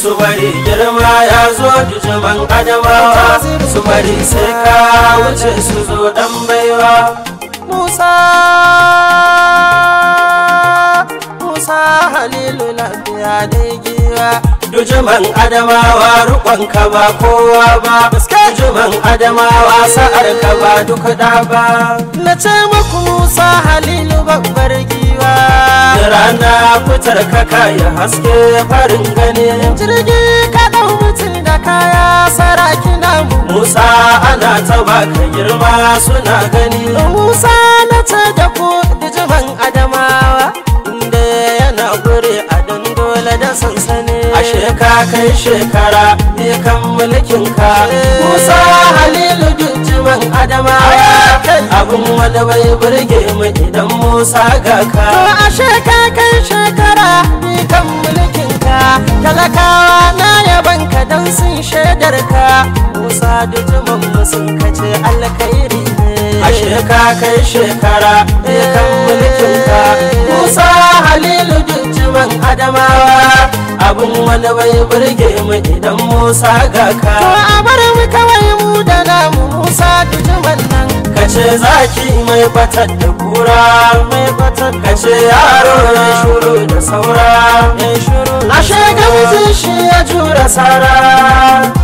su bari girma ya zo dujuman adamawa su bari sai ka wuce su zo dan baiwa musa musa halilu lafiya da giwa dujuman adamawa rukon ka ba kowa ba dujuman adamawa sa'ar ka ba duk da ba na ce muku musa halilu babbar Ana fitar ka kaya haske farin gani jirgi ka dau mutum da kaya saraki namu musa ana ta baka girma suna gani musa na ce da ku dijiman adamawa inda yana gure a dole da sansani ashe ka kai shekara ne kan mulkin ka eh. musa halilu dijiman adamawa abun wani bai burge mu idan musa ga ka to da jimin musun kace alkhairi ashe ka kai shekara ya kan mulkin ka musa halilu dukkan adamawa abun wani bai burge mu idan musa ga ka to a bar mu kawai mu da namu musa dujuman nan kace zaki mai batar da kura mai batar kace yaro ya shuru da saura ya shuru ashe ga mutum shi ya jura sara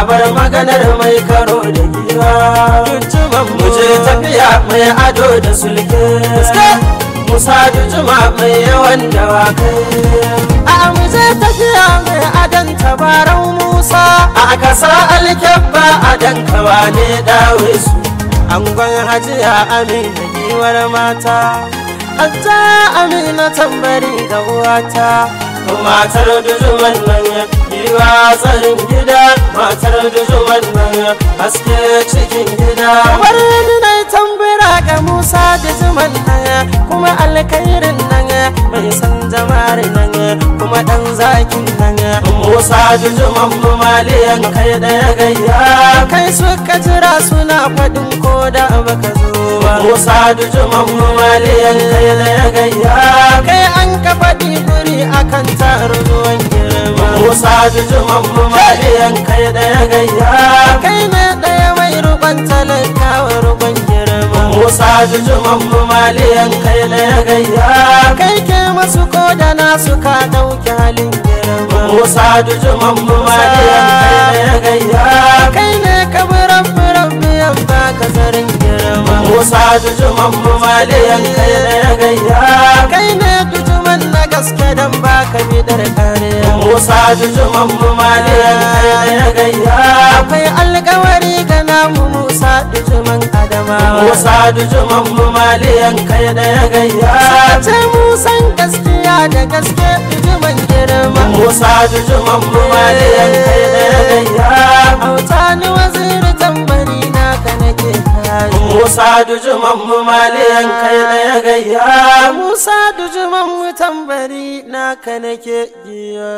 a bar maganar mai karo da giwa mu je tafiya mai ado da sulke musa jujuma mai yawan dawakai a mu je tafiya mai adon tabarau musa a kasa alkyabba adon ne dawe su angon hajiya amina giwar mata hatta amina tambari ga uwata matar dujuman nan rayuwa tsarin gida matar da zuwan nan haske cikin gida kamar na tambara ga musa da zuman nan kuma alkhairin nan mai san zama nan kuma ɗan zakin nan musa da zuman maliyan kai daya gayya kai suka jira suna faɗin ko da baka zo musa da zuman maliyan kai daya gayya kai an ka faɗi guri akan taruwan musa jujuman mu maliyan kai daya gayya kai ne daya mai rubon talakawa rubon girma musa jujuman mu maliyan kai daya gayya kai ke masu ko da nasu ka dauki halin girma musa jujuman mu maliyan kai daya gayya kai ne kabiran biyan ba ka zarin girma musa jujuman mu maliyan kai daya gayya kai ne dujuman na gaske dan ba ka bidar kariya musa jujuman mu malin ya gaya. akwai alkawari ga namu musa jujuman adamawa musa jujuman mu malin kai da ya gayya sace musan gaskiya da gaske jujuman girma musa jujuman mu malin kai da ya gaya. gayya ni waziri tambari na ka nake kai musa jujuman mu malin kai da ya gayya musa jujuman mu tambari na ka nake giya